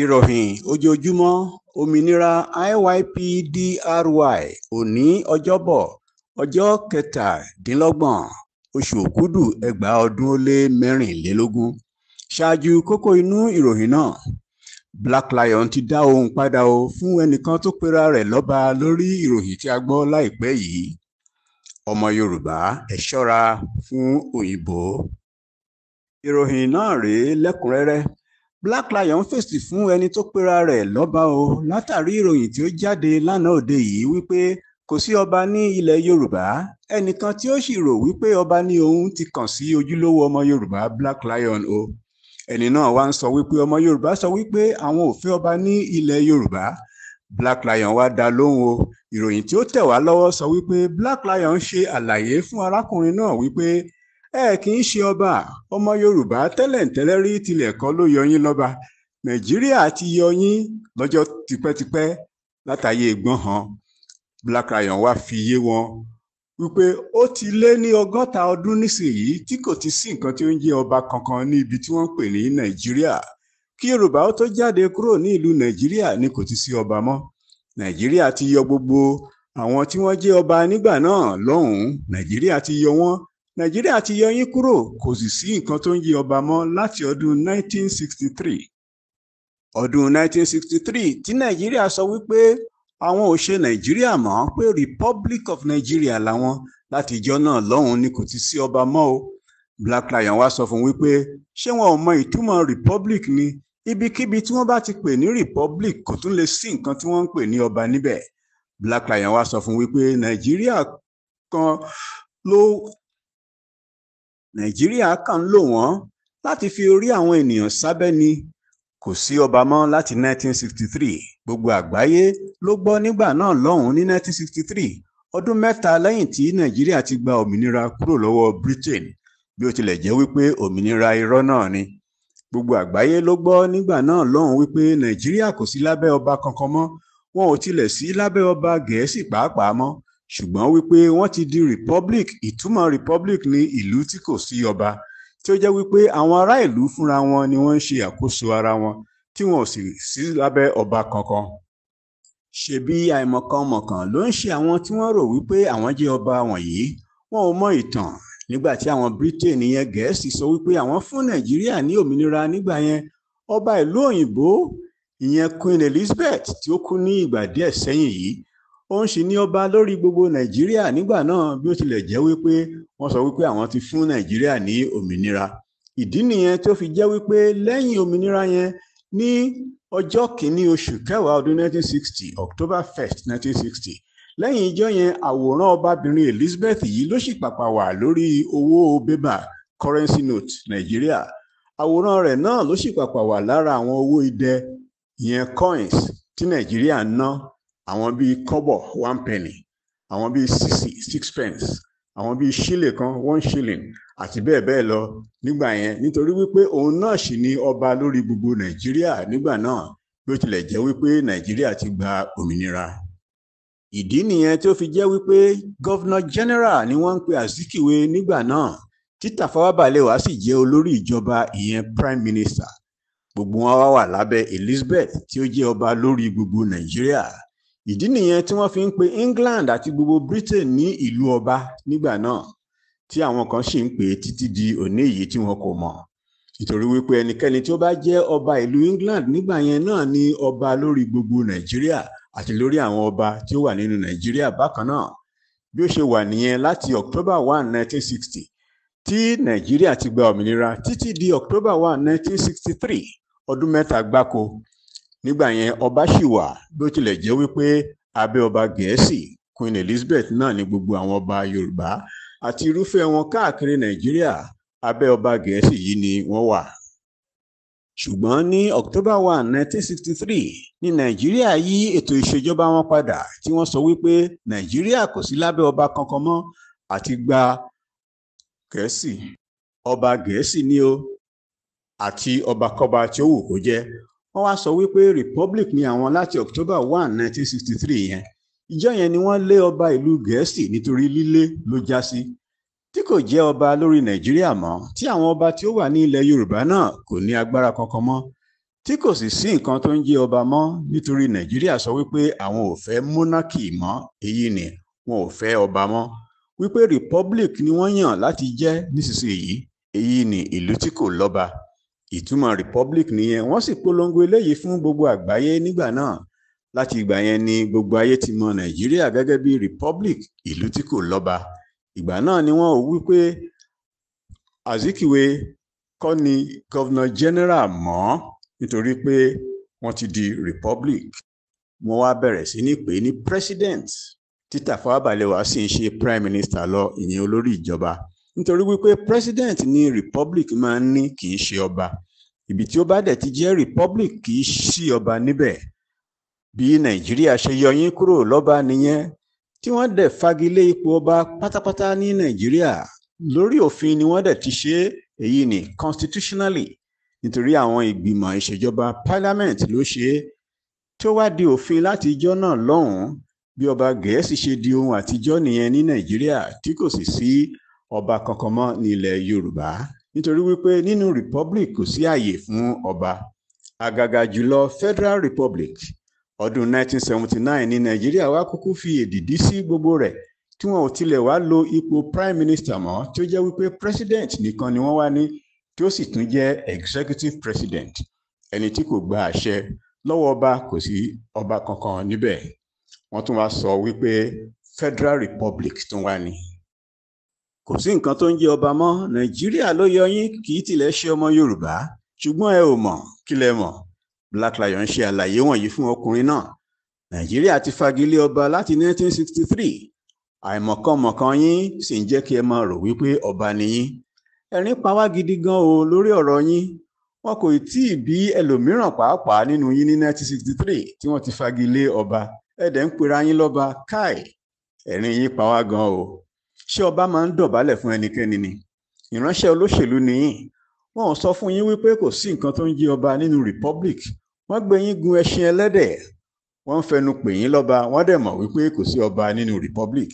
ìròyìn ojoojúmọ́ òmìnira IYPDRY òní ọjọ́bọ̀ ọjọ́ kẹtàdínlọ́gbọ̀n oṣù òkúdù ẹgbàá ọdún ó lé mẹ́rìnlélógún ṣáájú kókó inú ìròyìn náà Black Lion ti dá ohùn padà o fún ẹnìkan tó pera rẹ̀ lọ́ba lórí ìròyìn tí a gbọ́ láìpẹ́ yìí ọmọ Yorùbá ẹ ṣọ́ra fún òyìnbó ìròyìn náà rèé lẹ́kùnrẹ́rẹ́ Black Lion fèsì fún ẹni tó pera rẹ̀ lọ́ba o látàrí ìròyìn tí ó jáde lánàá òde yìí wípé kò sí ọba ní ilẹ̀ Yorùbá ẹnìkan tí ó sì rò wípé ọba ní òun ti kàn sí ojúlówó ọmọ Yorùbá Black Lion o ẹni náà wá ń sọ wípé ọmọ Yorùbá sọ wípé àwọn ò fẹ́ ọba ní ilẹ̀ Yorùbá Black Lion wá dá lóhùn o ìròyìn tí ó tẹ̀ wá lọ́wọ́ sọ wípé Black Lion ṣe àlàyé fún arákùnrin náà wípé ẹ kì í ṣe ọba ọmọ yorùbá tẹ́lẹ̀ǹtẹ́lẹ̀ rí tilẹ̀ kọ́ ló yọ yín lọ́ba nàìjíríà ti yọ yín lọ́jọ́ tipẹ́tipẹ́ látàyè gbọ̀nhàn black rayon wá fi yé wọn wípé ó ti lé ní ọgọ́ta ọdún nísìnyí tí kò ti sí nǹkan tí ó ń jẹ́ ọba kankan ní ibi tí wọ́n ń pè ní nàìjíríà kí yorùbá ó tó jáde kúrò ní ìlú nàìjíríà ni kò ti sí ọba mọ́ nàìjíríà ti yọ gbogbo àwọn tí wọ́n jẹ́ ọba nígbà náà lọ́hùn-ún nàìjíríà ti yọ wọ́n nàìjíríà ti yọ yín kúrò kò sì sí nǹkan tó ń yí ọba mọ́ láti ọdún 1963 ọdún 1963 tí nàìjíríà sọ wípé àwọn ò ṣe nàìjíríà mọ́ pé republic of nigeria làwọn láti ìjọ náà lọ́hùn-ún ni kò ti sí ọba mọ́ o black lion wá sọ fún wípé ṣé wọn ò mọ ìtumọ̀ republic ni ibikíbi tí wọ́n bá ti pè ní republic kò tún lè sí nǹkan tí wọ́n ń pè ní ọba níbẹ̀ black lion wá sọ fún wípé nàìjíríà kan ló nàìjíríà kàn ń lò wọ́n láti fi orí àwọn ènìyàn sábẹ́ ni kò sí ọba mọ́ láti 1963 gbogbo àgbáyé ló gbọ́ nígbà náà lọ́hùn ní 1963 ọdún mẹ́ta lẹ́yìn tí nàìjíríà ti gba òmìnira kúrò lọ́wọ́ britain bí ó tilẹ̀ jẹ́ wípé òmìnira irọ́ náà ni gbogbo àgbáyé ló gbọ́ nígbà náà lọ́hùn wípé nàìjíríà kò sí lábẹ́ ọba kankan mọ́ wọn ò tilẹ̀ sí lábẹ́ ọba gẹ̀ẹ́sì pàápàá mọ́ ṣùgbọ́n wípé wọ́n ti di republic ìtumọ̀ republic ní ìlú tí kò sí ọba tí ó jẹ́ wípé àwọn ará ìlú fúnra wọn ni wọ́n ń ṣe àkóso ara wọn tí wọn ò sì sí lábẹ́ ọba kankan ṣebí àìmọ̀kànmọ̀kàn ló ń ṣe àwọn tí wọ́n rò wípé àwọn jẹ́ ọba wọ̀nyí wọn ò mọ ìtàn nígbà tí àwọn Britain yẹn Gẹ̀ẹ́sì sọ wípé àwọn fún Nàìjíríà ní òmìnira nígbà yẹn ọba ìlú òyìnbó ìyẹn Queen Elizabeth tí ó kú ní ìgbà díẹ̀ sẹ́yìn yìí òun sì ní ọba lórí gbogbo nàìjíríà nígbà náà bí ó tilẹ̀ jẹ́ wípé wọ́n sọ wípé àwọn ti fún nàìjíríà ní òmìnira ìdí nìyẹn tó fi jẹ́ wípé lẹ́yìn òmìnira yẹn ní ọjọ́ kìíní oṣù kẹwàá ọdún 1960 October 1st 1960 lẹ́yìn ijọ́ yẹn àwòrán ọbabìnrin Elizabeth yìí ló sì pàpà wà lórí owó bébà currency note nàìjíríà àwòrán rẹ̀ náà ló sì pàpà wà lára àwọn owó idẹ ìyẹn coins tí nàìjíríà ń ná àwọn bíi kọ́bọ̀ one penny àwọn bíi six pence àwọn bíi ṣílè kan one shilling àti bẹ́ẹ̀ bẹ́ẹ̀ lọ nígbà yẹn nítorí wípé òun náà sì ni ọba lórí gbogbo nàìjíríà nígbà náà bí ó tilẹ̀ jẹ́ wípé nàìjíríà ti gba òmìnira ìdí nìyẹn tí ó fi jẹ́ wípé governor general ni wọ́n ń pe Azikiwe nígbà náà tí Tafawa Balewa sì jẹ́ olórí ìjọba ìyẹn prime minister gbogbo wọn wá wà lábẹ́ Elizabeth tí ó jẹ́ ọba lórí gbogbo nàìjíríà ìdí nìyẹn tí wọ́n fi ń pe England àti gbogbo Britain ní ìlú ọba nígbà náà tí àwọn kan sì ń pè é títí di òní yìí tí wọn kò mọ̀ nítorí wípé ẹnikẹ́ni tí ó bá jẹ́ ọba ìlú England nígbà yẹn náà ni ọba lórí gbogbo Nàìjíríà àti lórí àwọn ọba tí ó wà nínú Nàìjíríà bákan náà bí ó ṣe wà nìyẹn láti October one nineteen sixty tí Nàìjíríà ti gba òmìnira títí di October one nineteen sixty three ọdún mẹ́ta gbáko nígbà yẹn ọba ṣì wà bí ó tilẹ̀ jẹ́ wípé abẹ́ ọba gẹ̀ẹ́sì Queen Elizabeth náà ni gbogbo àwọn ọba Yorùbá àti irúfẹ́ wọn káàkiri Nàìjíríà abẹ́ ọba gẹ̀ẹ́sì yìí ni wọ́n wà. ṣùgbọ́n ní October one nineteen sixty three ni Nàìjíríà yí ètò ìṣèjọba wọn padà tí wọ́n sọ wípé Nàìjíríà kò sí lábẹ́ ọba kankan mọ́ àti gba gẹ̀ẹ́sì ọba gẹ̀ẹ́sì ni ó àti ọbakọba tí ó wù kó jẹ́ wọ́n wá sọ wípé republic ni àwọn láti october one nineteen sixty three yẹn ìjọ yẹn ni wọ́n lé ọba ìlú gẹ̀ẹ́sì nítorí lílé ló já sí tí kò jẹ́ ọba lórí nàìjíríà mọ́ tí àwọn ọba tí ó wà ní ilẹ̀ yorùbá náà kò ní agbára kankan mọ́ tí kò sì sí nǹkan tó ń jẹ́ ọba mọ́ nítorí nàìjíríà sọ wípé àwọn ò fẹ́ monarchy mọ́ èyí ni wọn ò fẹ́ ọba mọ́ wípé republic ni wọ́n yàn láti jẹ́ nísinsìnyí èyí ni ìlú tí kò lọ́ba ìtumọ̀ republic nìyẹn wọ́n sì polongo eléyìí fún gbogbo àgbáyé nígbà náà láti ìgbà yẹn ni gbogbo ayé ti mọ nàìjíríà gẹ́gẹ́ bí republic ìlú tí kò lọ́ba ìgbà náà ni wọ́n wí pé azikiwe kọ́ ni governor general mọ́ nítorí pé wọ́n ti di republic wọ́n wá bẹ̀rẹ̀ sí ní pè ní president títà Fáwábà Lẹ́wà sì ń ṣe prime minister lọ ìyẹn olórí ìjọba nítorí wípé president ni republic máa ń ní kì í ṣe ọba ibi tí ó bá dẹ̀ ti jẹ́ republic kì í sí ọba níbẹ̀ bí nàìjíríà ṣe yọ yín kúrò lọ́ba nìyẹn tí wọ́n dẹ̀ fagilé ipò ọba pátápátá ní nàìjíríà lórí òfin ni wọ́n dẹ̀ ti ṣe èyí ni constitutionally nítorí àwọn ìgbìmọ̀ ìṣèjọba parliament ló ṣe é tó wá di òfin láti ijọ́ náà lọ́hùn-ún bí ọba gẹ̀ẹ́sì ṣe di ohun àtijọ́ nìyẹn ní nàìjíríà tí kò sì sí ọba kankan mọ́ ní ilẹ̀ Yorùbá nítorí wípé nínú republic kò sí àyè fún ọba àgàgà jùlọ Federal Republic ọdún 1979 ní Nàìjíríà wá kúkú fi èdìdí sí gbogbo rẹ̀ tí wọn ò tilẹ̀ wá lo ipò prime minister mọ́ tí ó jẹ́ wípé president nìkan ni wọ́n wá ní tí ó sì tún jẹ́ executive president ẹni tí kò gba àṣẹ lọ́wọ́ ọba kò sí ọba kankan níbẹ̀ wọ́n tún wá sọ wípé Federal Republic tún wá ní kò sí nǹkan tó ń jẹ ọba mọ́ nàìjíríà ló yọ yín kì í tilẹ̀ ṣe ọmọ yorùbá ṣùgbọ́n ẹ ò mọ̀ kí lẹ mọ̀ Black Lion ṣe àlàyé wọ̀nyí fún ọkùnrin náà nàìjíríà ti fagilé ọba láti 1963 àìmọ̀kànmọ̀kàn yín sì ń jẹ́ kí ẹ máa rò wípé ọba nìyín ẹ̀rín pa wá gidi gan o lórí ọ̀rọ̀ yín wọn kò tí ì bí ẹlòmíràn pàápàá nínú yín ní 1963 tí wọ́n ti fagilé ọba ẹ̀dẹ̀ ń pera yín lọ́ba káì ẹ̀rín yín pa wá gan o ṣé ọba máa ń dọ̀bálẹ̀ fún ẹnikẹ́ni ni ìránṣẹ́ olóṣèlú nìyí wọn ò sọ fún yín wípé kò sí nǹkan tó ń jí ọba nínú republic wọ́n gbé yín gun ẹṣin ẹlẹ́dẹ̀ wọ́n ń fẹnu pè yín lọ́ba wọ́n dẹ̀ mọ̀ wípé kò sí ọba nínú republic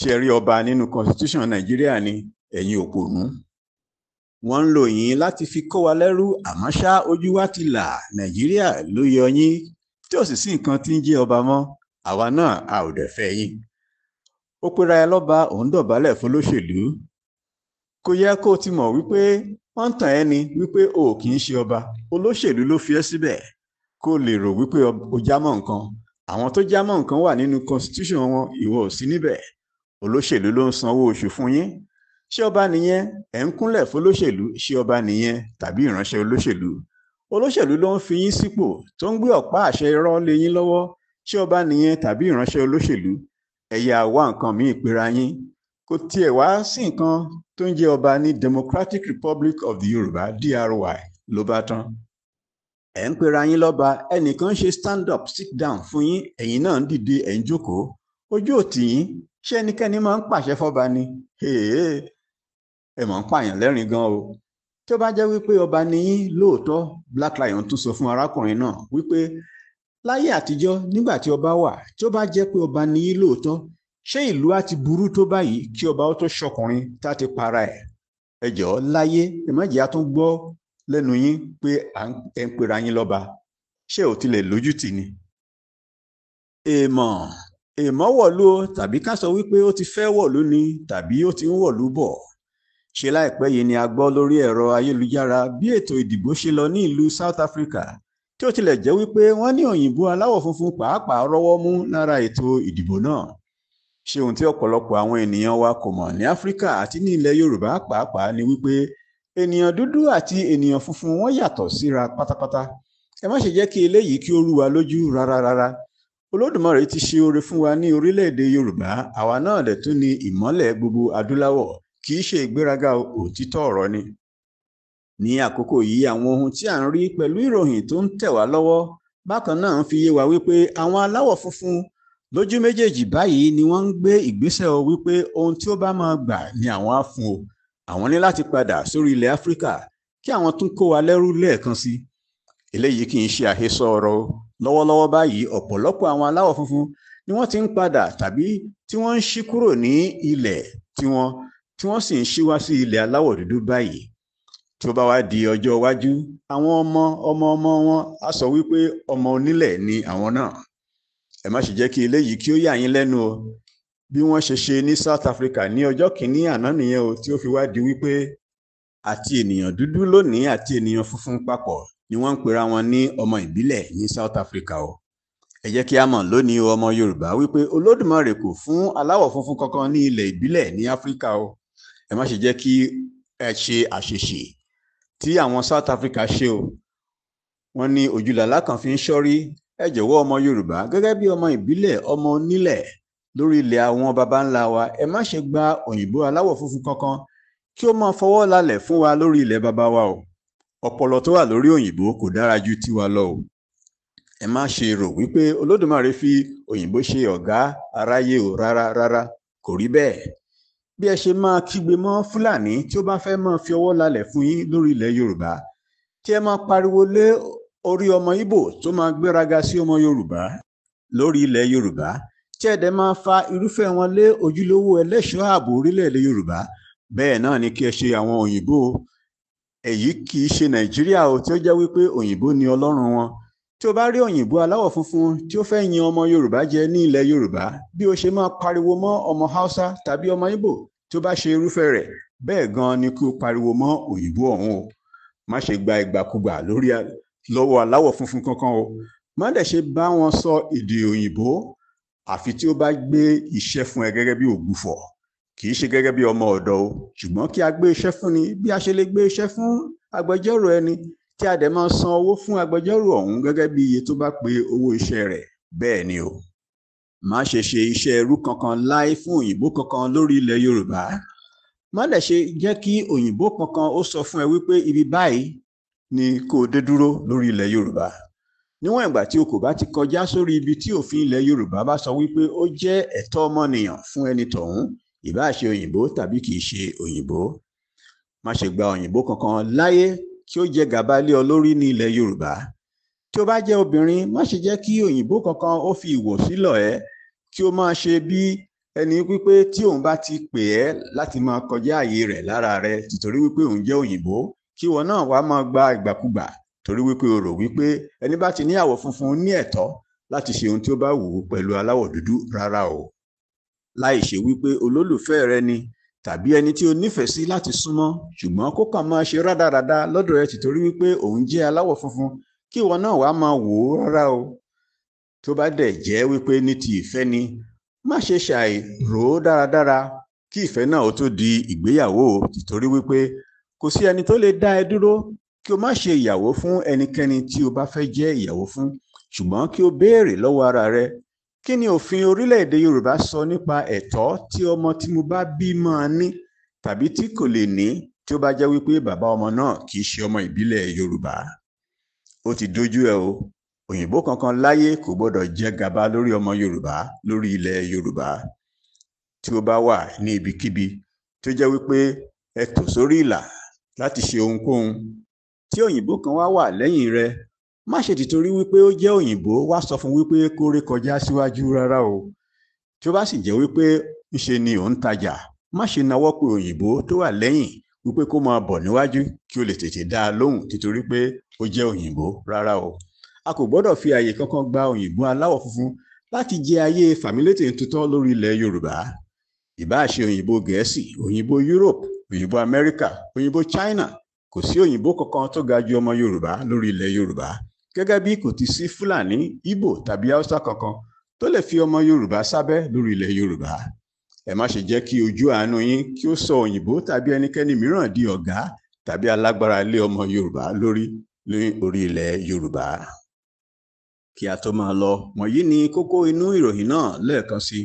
ṣe rí ọba nínú constitution nàìjíríà ni ẹ̀yin òpònú wọ́n ń lò yín láti fi kó wa lẹ́rú àmọ́ ṣá ojú wa ti là nàìjíríà ló yọ yín tí ò sì sí nǹkan tí ń jí ọba mọ́ àwa náà a ò dẹ̀ fẹ́ yín ó pera ẹ lọ́ba òun dọ̀bálẹ̀ fọlọ́ṣèlú kò yẹ kó o ti mọ̀ wípé wọ́n ń tàn ẹ́ ni wípé o kì í ṣe ọba olóṣèlú ló fi ẹ́ síbẹ̀ kó o lè rò wípé o jámọ́ nǹkan àwọn tó jámọ́ nǹkan wà nínú constitution wọn ìwọ ò sí níbẹ̀ olóṣèlú ló ń sanwó oṣù fún yín ṣé ọba nìyẹn ẹ̀ ń kúnlẹ̀ fọlọ́ṣèlú ṣé ọba nìyẹn tàbí ìránṣẹ́ olóṣèlú olóṣèlú ló ń fi yín sípò tó ń gbé ọ̀pá àṣẹ irọ́ lé yín lọ́wọ́ ṣé ọba nìyẹn tàbí ìránṣẹ́ olóṣèlú ẹ yáa wá nǹkan míì pera yín kò tiẹ̀ wá sí nǹkan tó ń jẹ́ ọba ní Democratic Republic of the Yorùbá DRY ló bá tán ẹ̀ ń pera yín lọ́ba ẹnìkan ṣe stand up sit down fún yín ẹ̀yin náà ń dìde ẹ̀ jókòó ojú òtì yín ṣé ẹnikẹ́ni máa ń pàṣẹ fọ́ba ni ẹ mọ̀ ń pààyàn lẹ́rìn gan o tí ó bá jẹ́ wípé ọba ni yín lóòótọ́ Black Lion tún sọ fún arákùnrin náà wípé láyé àtijọ́ nígbà tí ọba wà tí ó bá jẹ́ pé ọba ní í lóòótọ́ ṣé ìlú á ti burú tó báyìí kí ọba ó tó ṣọkùnrin tá a ti para ẹ̀ ẹ jọ̀ọ́ láyé ẹ má jẹ́ a tún gbọ́ lẹ́nu yín pé ẹ ń pera yín lọ́ba ṣé ò tilẹ̀ lójútì ni. èèmọ̀ èèmọ̀ wọ̀lú o tàbí ká sọ wípé ó ti fẹ́ wọ̀lú ni tàbí ó ti ń wọ̀lú bọ̀ ṣe láìpẹ́ yìí ni a gbọ́ lórí ẹ̀rọ ayélujára bí ètò ìdìbò ṣe lọ ní ìlú South Africa tí ó tilẹ̀ jẹ́ wípé wọ́n ní òyìnbó aláwọ̀ funfun pàápàá rọ́wọ́ mú lára ètò ìdìbò náà ṣé ohun tí ọ̀pọ̀lọpọ̀ àwọn ènìyàn wa kò mọ̀ ní áfíríkà àti ní ilẹ̀ yorùbá pàápàá ni wípé ènìyàn dúdú àti ènìyàn funfun wọ́n yàtọ̀ síra pátápátá ẹ má ṣe jẹ́ kí eléyìí kí ó rú wa lójú rárá rárá olódùmarè ti ṣe oore fún wa ní orílẹ̀-èdè yorùbá àwa náà dẹ̀ tún ní ìmọ́lẹ̀ gbogbo adúláwọ̀ kì í ṣe ìgbéraga òtítọ́ ọ̀rọ̀ ni ní àkókò yìí àwọn ohun tí à ń rí pẹ̀lú ìròyìn tó ń tẹ̀ wá lọ́wọ́ bákan náà fi yé wa wípé àwọn aláwọ̀ funfun lójú méjèèjì báyìí ni wọ́n ń gbé ìgbésẹ̀ o wípé ohun tí ó bá máa gbà ni àwọn á fún o àwọn ní láti padà sórí ilẹ̀ Áfíríkà kí àwọn tún kó wa lẹ́rú lẹ́ẹ̀kan sí eléyìí kì í ṣe àhesọ ọ̀rọ̀ o lọ́wọ́lọ́wọ́ báyìí ọ̀pọ̀lọpọ̀ àwọn aláwọ̀ funfun ni wọ́n ti ń padà tàbí tí wọ́n ń ṣí kúrò ní ilẹ̀ tiwọn tí wọ́n sì ń ṣí wá sí ilẹ̀ aláwọ̀ dúdú báyìí tó bá wá di ọjọ́ iwájú àwọn ọmọ ọmọ ọmọ wọn á sọ wípé ọmọ onílẹ̀ ni àwọn náà ẹ má ṣe jẹ́ kí eléyìí kí ó yà yín lẹ́nu o bí wọ́n ṣe ṣe ní South Africa ní ọjọ́ kìíní àná nìyẹn o tí ó fi wá di wípé àti ènìyàn dúdú lónìí àti ènìyàn funfun papọ̀ ni wọ́n ń pera wọn ní ọmọ ìbílẹ̀ ní South Africa o ẹ jẹ́ kí a mọ̀ lónìí ọmọ Yorùbá wípé Olódùmarè kò fún aláwọ̀ funfun kankan ní ilẹ̀ ìbílẹ̀ ní Áfíríkà o ẹ má ṣe jẹ́ kí ẹ ṣe àṣeṣe tí àwọn South Africa ṣe o wọ́n ní òjúlàlá kan fi ń ṣọ́rí ẹ jọ̀wọ́ ọmọ Yorùbá gẹ́gẹ́ bí ọmọ ìbílẹ̀ ọmọ onílẹ̀ lórí ilẹ̀ àwọn baba ńlá wa ẹ má ṣe gba òyìnbó aláwọ̀ funfun kankan kí ó máa fọwọ́ lálẹ̀ fún wa lórí ilẹ̀ baba wa o ọpọlọ tó wà lórí òyìnbó kò dára ju tiwa lọ o ẹ má ṣe rò wípé Olódùmarè fi òyìnbó ṣe ọ̀gá aráyé o rárá rárá kò rí bẹ́ẹ̀ bí ẹ ṣe máa kígbe mọ́ fúlàní tí ó bá fẹ́ máa fi ọwọ́ lalẹ̀ fún yín lórí ilẹ̀ yorùbá tí ẹ máa pariwo lé orí ọmọ ibo tó máa gbéraga sí ọmọ yorùbá lórí ilẹ̀ yorùbá tí ẹ dẹ̀ máa fa irúfẹ́ wọn lé ojúlówó ẹlẹ́ṣọ́ ààbò orílẹ̀-èdè yorùbá bẹ́ẹ̀ náà ni kí ẹ ṣe àwọn òyìnbó èyí kì í ṣe nàìjíríà o tí ó jẹ́ wípé òyìnbó ni ọlọ́run wọn tí o bá rí òyìnbó aláwọ̀ funfun tí ó fẹ́ yin ọmọ yorùbá jẹ ní ilẹ̀ yorùbá bí o ṣe máa pariwo mọ́ ọmọ haúsá tàbí ọmọ ìgbò tí ó bá ṣe irúfẹ́ rẹ̀ bẹ́ẹ̀ gan ni kí o pariwo mọ́ òyìnbó ọ̀hún o má ṣe gba ìgbàkúgbà lórí lọ́wọ́ aláwọ̀ funfun kankan o má dẹ̀ ṣe bá wọn sọ èdè òyìnbó àfi tí ó bá gbé iṣẹ́ fún ẹ gẹ́gẹ́ bí ògbufọ̀ kì í ṣe gẹ́gẹ́ bí ọmọ ọ̀dọ́ o ṣùgbọ́n kí a gbé iṣẹ́ fún ni bí a ṣe lè gbé iṣẹ́ fún agbẹjọ́rò ẹni kí a dẹ̀ máa san owó fún agbẹjọ́rò ọ̀hún gẹ́gẹ́ bí iye tó bá pé owó iṣẹ́ rẹ̀ bẹ́ẹ̀ ni o má ṣe ṣe iṣẹ́ ẹrú kankan láì fún òyìnbó kankan lórí ilẹ̀ Yorùbá má dẹ̀ ṣe jẹ́ kí òyìnbó kankan ó sọ fún ẹ wípé ibi báyìí ni kò dé dúró lórí ilẹ̀ Yorùbá níwọ̀n ìgbà tí o kò bá ti kọjá sórí ibi tí òfin ilẹ̀ Yorùbá bá sọ wípé ó jẹ́ ẹ̀tọ́ ọmọnìyàn fún ẹni tọ̀hún ìbáà òyìnbó tàbí kì í ṣe òyìnbó má ṣe gba òyìnbó kankan láyé kí ó jẹ gàba lé ọ lórí ní ilẹ̀ Yorùbá tí ó bá jẹ́ obìnrin má ṣe jẹ́ kí òyìnbó kankan ó fi ìwò sílọ̀ ẹ́ kí ó máa ṣe bí ẹni wípé tí òun bá ti pè ẹ́ láti máa kọjá àyè rẹ̀ lára rẹ̀ tìtorí wípé òun jẹ́ òyìnbó kí wọn náà wàá máa gba ìgbàkúgbà torí wípé o rò wípé ẹni bá ti ní àwọ̀ funfun ní ẹ̀tọ́ láti ṣe ohun tí ó bá wù ú pẹ̀lú aláwọ̀ dúdú rárá o láì ṣe wípé olólùfẹ́ rẹ ni tàbí ẹni tí o nífẹ̀ẹ́ sí láti súnmọ́ ṣùgbọ́n kó kàn máa ṣe rádaràda lọ́dọ̀ rẹ tìtorí wípé òun jẹ́ aláwọ̀ funfun kí ìwọ náà wàá máa wò ó rárá o tó bá dẹ̀ jẹ́ wípé ní ti ìfẹ́ ni má ṣe ṣàì rò ó dáradára kí ìfẹ́ náà ó tó di ìgbéyàwó tìtorí wípé kò sí ẹni tó lè dá ẹ dúró kí o má ṣe ìyàwó fún ẹnikẹ́ni tí o bá fẹ́ jẹ́ ìyàwó fún ṣùgbọ́n kí o béèrè lọ́wọ́ ara rẹ kí ni òfin orílẹ̀-èdè yorùbá sọ nípa ẹ̀tọ́ tí ọmọ tí mo bá bí máa ní tàbí tí kò lè ní tí ó bá jẹ́ wípé bàbá ọmọ náà kì í ṣe ọmọ ìbílẹ̀ yorùbá ó ti dojú ẹ o òyìnbó kankan láyé kò gbọdọ̀ jẹ́ gàba lórí ọmọ yorùbá lórí ilẹ̀ yorùbá tí ó bá wà ní ibikíbi tí ó jẹ́ wípé ẹ tò sórí ìlà láti ṣe ohunkóhun tí òyìnbó kan wá wà lẹ́yìn rẹ̀ má ṣe tìtorí wípé ó jẹ́ òyìnbó wá sọ fún wípé kó rékọjá síwájú rárá o tí ó bá sì jẹ́ wípé ńṣe ni ò ń tajà má ṣe nawọ́ pé òyìnbó tó wà lẹ́yìn wípé kó máa bọ̀ níwájú kí o lè tètè dá a lóhùn tìtorí pé ó jẹ́ òyìnbó rárá o a kò gbọ́dọ̀ fi àyè kankan gba òyìnbó aláwọ̀ funfun láti jẹ ayé fàmílétè tutọ́ lórí ilẹ̀ yorùbá ìbáà òyìnbó gẹ̀ẹ́sì òyìnbó europe òyìnbó America, òyìnbó china kò sí òyìnbó kankan tó ga ju ọmọ yorùbá lórí ilẹ̀ yorùbá gẹ́gẹ́ bí kò ti sí fúlàní ìgbò tàbí haúsá kankan tó lè fi ọmọ yorùbá sábẹ́ lórí ilẹ̀ yorùbá ẹ má ṣe jẹ́ kí ojú àánú yín kí ó sọ òyìnbó tàbí ẹnikẹ́ni mìíràn di ọ̀gá tàbí alágbára lé ọmọ yorùbá lórí ní orí ilẹ̀ yorùbá kí a tó máa lọ wọ̀nyí ni kókó inú ìròyìn náà lẹ́ẹ̀kan sí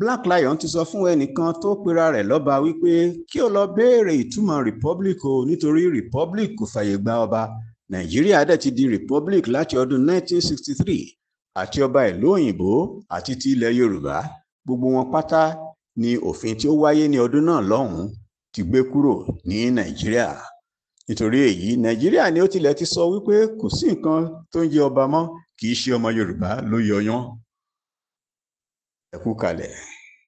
Black Lion ti sọ fún ẹnìkan tó pera rẹ̀ lọ́ba wípé kí ó lọ béèrè ìtumọ̀ republic o nítorí republic kò fàyè gba ọba nàìjíríà dẹ̀ ti di republic láti ọdún 1963 àti ọba ìlú òyìnbó àti ti ilẹ̀ yorùbá gbogbo wọn pátá ni òfin tí ó wáyé ní ọdún náà lọ́hùn-ún ti gbé kúrò ní nàìjíríà nítorí èyí nàìjíríà ni ó tilẹ̀ ti sọ wípé kò sí nǹkan tó ń yẹ ọba mọ́ kì í ṣe ọmọ yorùbá ló yọyán ẹ kú kalẹ̀.